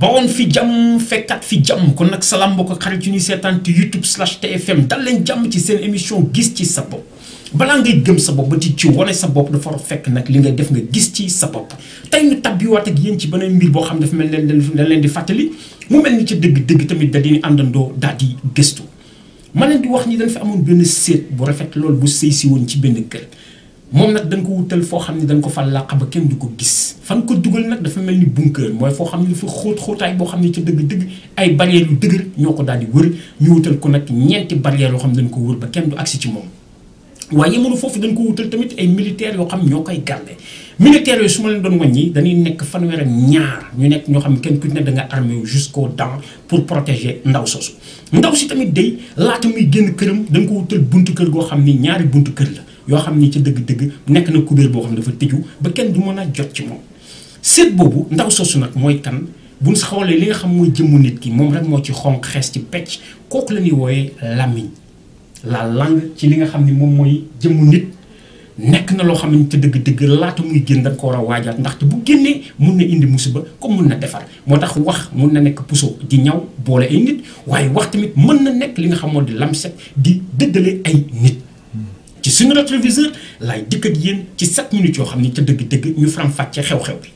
bawoon fi jàmm fekkat fi jàmm kon nag salaam mbokk xarit yu ñuy seetaan ci youtube slash tfm dal leen jàmm ci seen émission gis ci sa bopp balaa ngay gëm sa bopp ba ci ci wane sa bopp dafa fekk nag li nga def nga gis ci sa bopp tey ñu tabbiwaat ak yéen ci beneen mbir boo xam ne dafa mel leen dañ leen di fàttali mu mel ni ci dëgg-dëgg tamit da di àndandoo daal di gëstu man leen di wax ni dañ fi amoon benn séet bu rafet loolu bu sëy si woon ci benn moom nag dañ ko wutal foo xam ne dañ ko fa làq ba kenn du ko gis fan ko dugal nag dafa mel ni bunker mooy foo xam ne dafa xóot xóotaay boo xam ne ci dëgg-dëgg ay barrières yu dëgër ñoo ko daal di wër ñu wutal ko nag ñeenti barrières yoo xam ne dañ ko wër ba kenn du agsi ci moom waaye yemanu foofu dañ ko wutal tamit ay militaires yoo xam ñoo koy garde militaires yooyu su ma leen doon wàññi dañuy nekk fanweer ak ñaar nekk ñoo xam ne kenn ne da nga armé wu jusqu'aux dents pour protéger ndaw soosu ndaw si tamit day laata muy génn këram dañ ko wutal buntu kër goo xam ni ñaari buntu kër la yoo xam ni ci dëgg-dëgg nekk na kubéer boo xam dafa tëju ba kenn du mën a jot ci moom seet boobu ndaw soosu nag mooy kan bu xoolee li nga xam mooy jëmmu nit ki moom rek moo ci xonq xees ci pecc kooku la ñuy wooyee làmmiñ la langue ci li nga xam ni moom mooy jëmmu nit nekk na loo xam ne ci dëgg-dëgg laata muy génn da nga ko war a waajaat ndaxte bu génnee mun na indi musiba comme mun na defar moo tax wax mun na nekk puso di ñaw boole ay nit waaye wax tamit mën na nekk li nga xam moo di lamset di dëddale ay nit ci suñu rétroviseur laay dikk ak yéen ci 7 minutes yoo xam ni ca dëgg-dëgg ñu faram-fàccee xew-xew bi.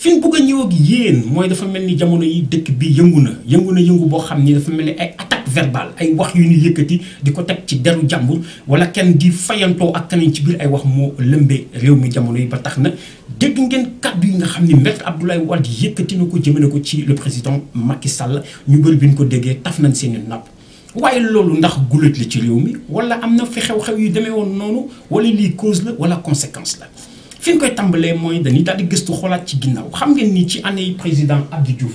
fi ñu bëgg a ñëw ak yéen mooy dafa mel ni jamono yi dëkk bi yëngu na yëngu na yëngu boo xam ni dafa mel ni ay attaque verbale ay wax yu ñu yëkkati di ko teg ci deru jàmbur wala kenn di fayantoo ak keneen ci biir ay wax moo lëmbee réew mi jamono yi ba tax na dégg ngeen kàddu yi nga xam ni maître Abdoulaye Wade yëkkati na ko jëmale ko ci le président Macky Sall ñu bëri bi ñu ko déggee taf nañ seen i waaye loolu ndax gulet li ci réew mi wala am na fi xew-xew yu demee woon noonu wala lii cause la wala conséquence la fi ñu koy tàmbalee mooy dañuy daal di gëstu xoolaat ci ginnaaw xam ngeen ni ci année yi président Abdou Diouf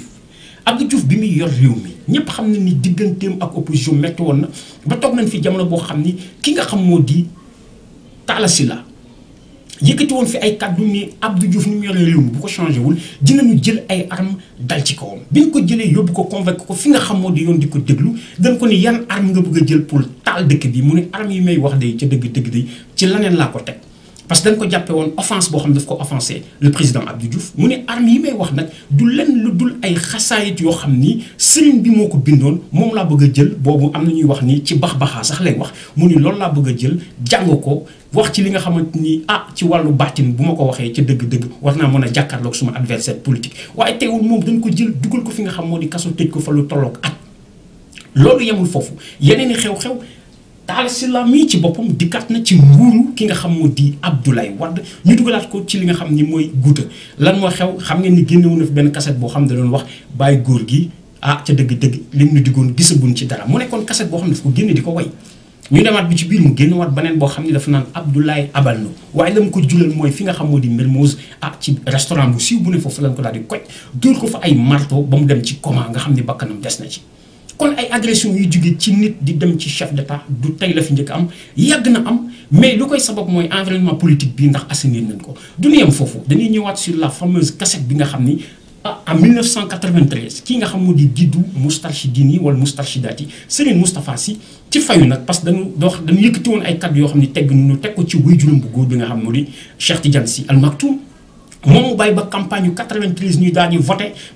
Abdou Diouf bi muy yor réew mi ñëpp xam na ni digganteem ak opposition métti woon na ba toog nañ fi jamono boo xam ni ki nga xam moo di Talla Sylla yëkkati woon fi ay kàddu ni Abdou Diouf ni mu yoree réew bu ko changé wul dinañu jël ay arm dal ci kawam bi ñu ko jëlee yóbbu ko convaincre ko fi nga xamoo di yoon di ko déglu dañ ko ni yan arme nga bëgg a jël pour taal dëkk bii mu ne arme yi may wax day ca dëgg dëgg day ci laneen laa ko teg parce que dañ ko jàppe woon offense boo xam ne daf ko offensé le président Abdou Diouf mu ne armes yi may wax nag du lenn lu dul ay xasaayit yoo xam ni sëriñ bi moo ko bindoon moom laa bëgg a jël boobu am na ñuy wax nii ci bax baxaa sax lay wax mu ni loolu laa bëgg a jël jàng ko wax ci li nga xamante ni ah ci wàllu baatin bu ma ko waxee ca dëgg-dëgg war naa mën a jàkkaarloog suma adversaire politique waaye teewul moom dañ ko jël dugal ko fi nga xam moo di kaso tëj ko fa lu tolloog foofu yeneen xew-xew Talla Sylla mii ci boppam di dikkaat na ci nguuru ki nga xam moo di Abdoulaye Wade ñu dugalaat ko ci li nga xam ni mooy guuta lan moo xew xam ngeen ni génnewu na fi benn kaset boo xam da doon wax bàyyi góor gi ah ca dëgg-dëgg lim nu diggoon gisaguñ ci dara mu nekkoon kaset boo xam ne daf ko génne di ko way ñu demaat bi ci biir mu génnewaat beneen boo xam ne dafa naan Abdoulaye abal na waaye la mu ko julal mooy fi nga xam moo di Mermoz ah ci restaurant bu siiw bu ne foofu lañ ko daal di koj dóor ko fa ay marto ba mu dem ci coma nga xam ni bàkkanam des na ci kon ay agression yu jóge ci nit di dem ci chef d'état du tey la fi njëkk am yàgg na am mais lu koy sabab mooy environnement politique bi ndax assainir nañ ko du ñu yem foofu dañuy ñëwaat sur la fameuse cassette bi nga xam ni ah, en 1993 kii nga xam moo di Didou Moustarchidine wala Moustarchidati Serigne Moustapha Sy ci fayu nag parce que dañu dañu yëkkati woon ay kàddu yoo xam ni tegg ñu teg ko ci wuy juróom bu góor bi nga xam moo di Cheikh Tidiane si Al Maktoum moom mu bàyyi ba campagne yu 93 ñuy daal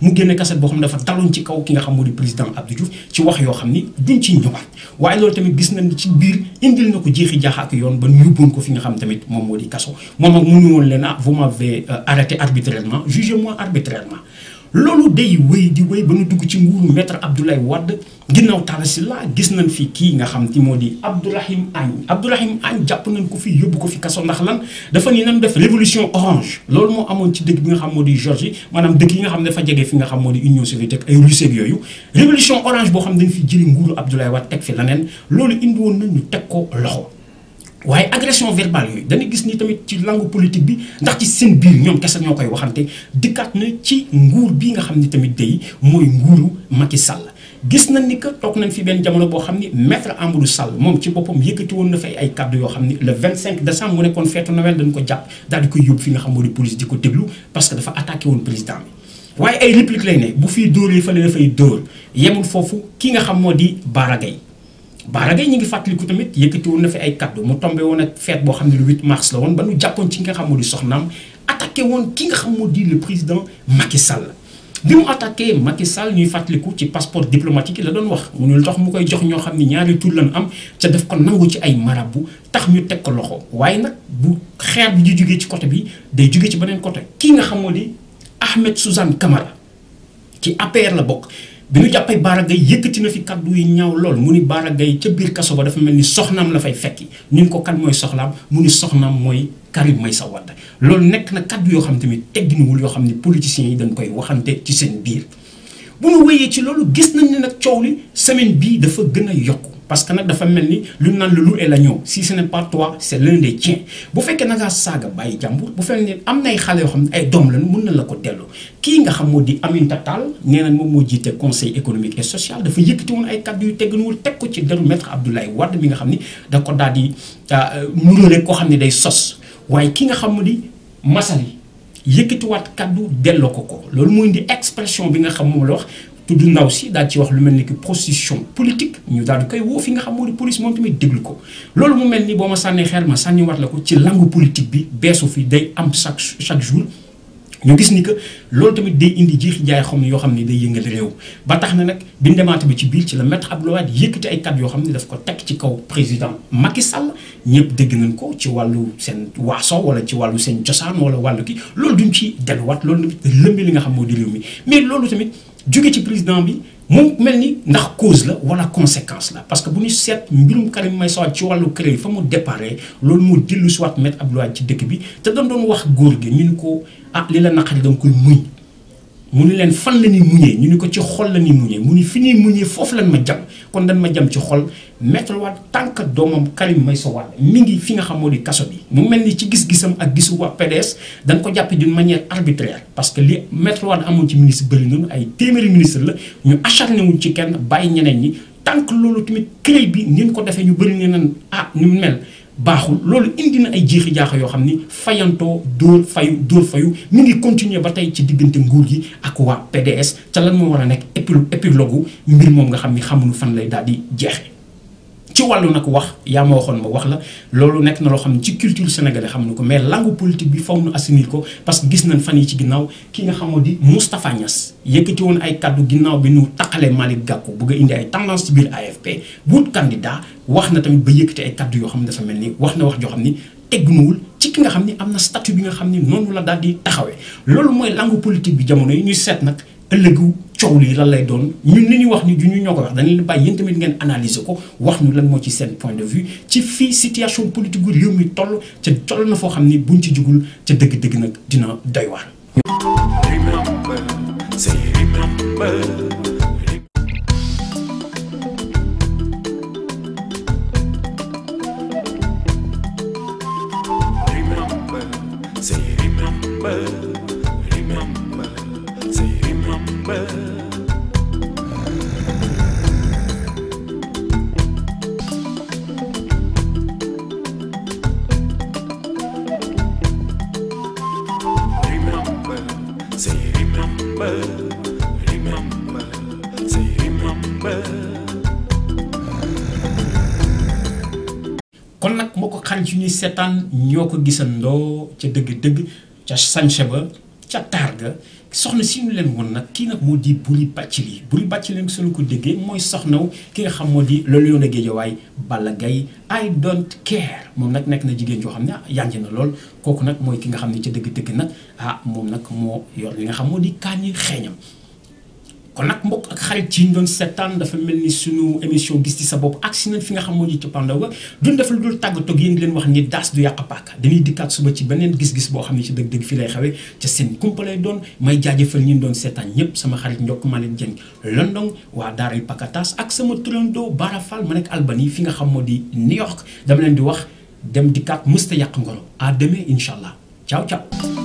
mu génn kaset boo xam ne dafa daloon ci kaw ki nga xam moo di président Abdou Diouf ci wax yoo xam ni duñ ciy ñëwaat waaye loolu tamit gis nañ ci biir indil na ko jeexi jaaxa ak yoon ba yóbboon ko fi nga xam tamit moom moo di kaso moom ak mënu woon leen a ah, vous m'avez euh, arrêté arbitrairement jugez-moi arbitrairement loolu day wéy di wéy ba ñu dugg ci nguuru maître Abdoulaye Wade ginnaaw Talla Sylla gis nañ fi kii nga xam ti moo di Abdourahim Agne Abdourahim Agne jàpp nañ ko fi yóbbu ko fi kaso ndax lan dafa ni nan def révolution orange loolu moo amoon ci dëkk bi nga xam moo di Géorgie maanaam dëkk yi nga xam ne dafa jege fi nga xam moo di Union soviétique ay Russie ak yooyu révolution orange boo xam dañ fi jëli nguuru Abdoulaye Wade teg fi leneen loolu indi woon nañ ñu teg ko loxo waaye agression verbale yooyu dañuy gis ni tamit ci langue politique bi ndax ci seen biir ñoom kese ñoo koy waxante dikkaat na ci nguur bi nga xam ni tamit day mooy nguuru Macky Sall. gis na ni que toog nañ fi benn jamono boo xam ni maître Amadou Sall moom ci boppam yëkkati woon na fay ay kàddu yoo xam ni le cinq décembre mu nekkoon feetu Noël dañ ko jàpp daal di koy yóbbu fi nga xam moo di police di ko déglu parce que dafa attaqué woon président bi. waaye ay réplique lay ne bu fii dóor yi fële dafay dóor yemul foofu ki nga xam moo di Bara Balla Gaye ñu ngi fàttaliku tamit yëkkati woon na fi ay kaddu mu tombé woon ak fête boo xam ne le 8 mars la woon ba nu jàppoon ci nga xam moo di soxnaam attaqué woon ki nga xam moo di le président Macky Sall. bi mu attaqué Macky Sall ñuy fàttaliku ci passeport diplomatique yi la doon wax mu ne lu tax mu koy jox ñoo xam ne ñaari tur lañ am ca def ko nangu ci ay marabu tax ñu teg ko loxo waaye nag bu xeer bi di jógee ci côté bi day jugee ci beneen côté kii nga xam moo di Ahmed Suzanne Camara ci appe la bokk. bi ñu jàppee Bara Gaye yëkkati na fi kaddu yu ñaw lool mu ni Bara Gaye ca biir kaso ba dafa mel ni soxnaam la fay fekki ñu ko kan mooy soxlaam mu ni soxnaam mooy Karim Meïssa Wade loolu nekk na kaddu yoo xam tamit egginuwul yoo xam ne politiciens yi dañ koy waxante ci seen biir bu ñu wéyee ci loolu gis nañ ne nag coow li semaine bii dafa gën a yokk parce que nag dafa mel ni lu naan le loup et l'agneau si ce n'est pas toi c'est l'un des tiens bu fekkee na ngaa saaga bàyyi jàmbur bu fekkee ne am nay xale yoo xam ne ay doom lañu mën na la ko dellu kii nga xam moo di Aminata Tall nee na moom moo jiite conseil économique et social dafa yëkkati woon ay kàddu yu tegganuwul teg ko xam ni da ko daal di ah, euh, muróole koo xam ne day sos waaye ki nga xam mu di Massaly yëkkatiwaat kàddu delloo ko ko loolu mooy indi expression bi nga xam moom la wax tudd ndaw si daal ci wax lu mel ni que prostitution politique ñu daal di koy woo fi nga xam moo di police moom tamit déglu ko loolu mu mel ni boo ma sànnee xel ma sànni wat la ko ci langue politique bi beesu fi day am chaque chaque jour ñu gis ni que loolu tamit day indi jiixi jaay xom ne yoo xam ne day yëngal réew ba tax na nag bi bi ci biir ci la maître Abdoulaye Wade yëkkati ay kat yoo xam ne daf ko teg ci kaw président Macky Sall ñëpp dégg nañ ko ci wàllu seen waaso wala ci wàllu seen cosaan wala wàllu ki loolu duñ ci delluwaat loolu tamit li nga xam moo di jóge ci président bi mu mel ni ndax cause la wala conséquence la parce que bu ñu seet mbirum Karim Meïssa Wade ci wàllu créé fa mu déparé loolu moo dellu si waat ab Abdoulaye ci dëkk bi te dañ doon wax góor gi ñu ni ko ah li la naqari da nga koy muñ mu ni leen fan la ni muñee ñu ni ko ci xol la ni muñee mu ni fi ñuy muñee foofu lañ ma jam kon dañ ma jam ci xol Maître Wade tànk doomam Karim Meïssa Wade mi ngi fi nga xam moo di kaso bi mu mel ni ci gis-gisam ak gisu waa PDS dañ ko jàppe d'une manière arbitraire parce que li Maître Wade amoon ci ministre bëri noonu ay téeméeri ministre la ñu acharné wuñ ci kenn bàyyi ñeneen ñi tànk loolu tamit clé bi ni ñu ko defee ñu bëri ne nan ah ñu mel baaxul loolu indi na ay jeexi jaaxa yoo xam ni fayantoo dóor fayu dóor fayu mi ngi continuer ba tey ci diggante nguur gi ak waa PDS ca lan moo war a nekk épilogue mbir moom nga xam ni xamuñu fan lay daal di jeex ci wàllu nag wax yaa ma waxoon ma wax la loolu nekk na loo xam ne ci culture sénégalaise xam na ko mais langue politique bi faw nu assimil ko parce que gis nañ fan yi ci ginnaaw ki nga xamoo di Moustapha Niass yëkkati woon ay kaddu ginnaaw bi nu taqalee Malick Gakou bëgg a indi ay tendance ci biir AFP wut candidat wax na tamit ba yëkkati ay kaddu yoo xam ne dafa mel ni wax na wax joo xam ni tegnuwul ci ki nga xam ni am na statut bi nga xam ni noonu la daal di taxawee loolu mooy langue politique bi jamono yi ñuy seet nag ëllëgu coow lii lan lay doon ñun li ñu wax ni du ñu ñoo ko wax dañ leen bàyyi yéen tamit ngeen analyser ko wax ñu lan moo ci seen point de vue ci fii situation politique gu réew mi toll ca toll na foo xam ni buñ ci jugul ca dëgg-dëgg nag dina doy waar. kon nag moo ko xarit yu ñuy seetaan ñoo ko gisandoo ca dëgg-dëgg ca sañse ba ca taar ga soxna si ñu leen woon nag kii nag moo di Boury Bathily Boury Bathily nag suñu ko déggee mooy soxnaw ki nga xam moo di le lion de Guédiawaye bala Gaye I don't care moom nag nekk na jigéen joo xam ne ah, yànj na lool kooku nag mooy ki nga xam ne ca dëgg-dëgg nag ah moom nag moo yor li nga xam moo di kaani xeeñam kon nag mbokk ak xarit ci ñu doon seetaan dafa mel ni suñu émission gis ci sa bopp ak si fi nga xam moo ñu cappaandaw ga duñ def lu dul tàggatoo ak yéen di leen wax ni daas du yàq paaka dañuy dikkaat suba ci beneen gis-gis boo xam ne ci dëgg-dëgg fii lay xawee ca seen kumpa doon may jaajëfal ñi doon seetaan ñëpp sama xarit njokk maa leen jëng London waa daaray Pakatas ak sama turandoo Bara ma nekk Albanie fi nga xam moo di New York dama leen di wax dem dikkaat musta yàq ngolo à demain incha allah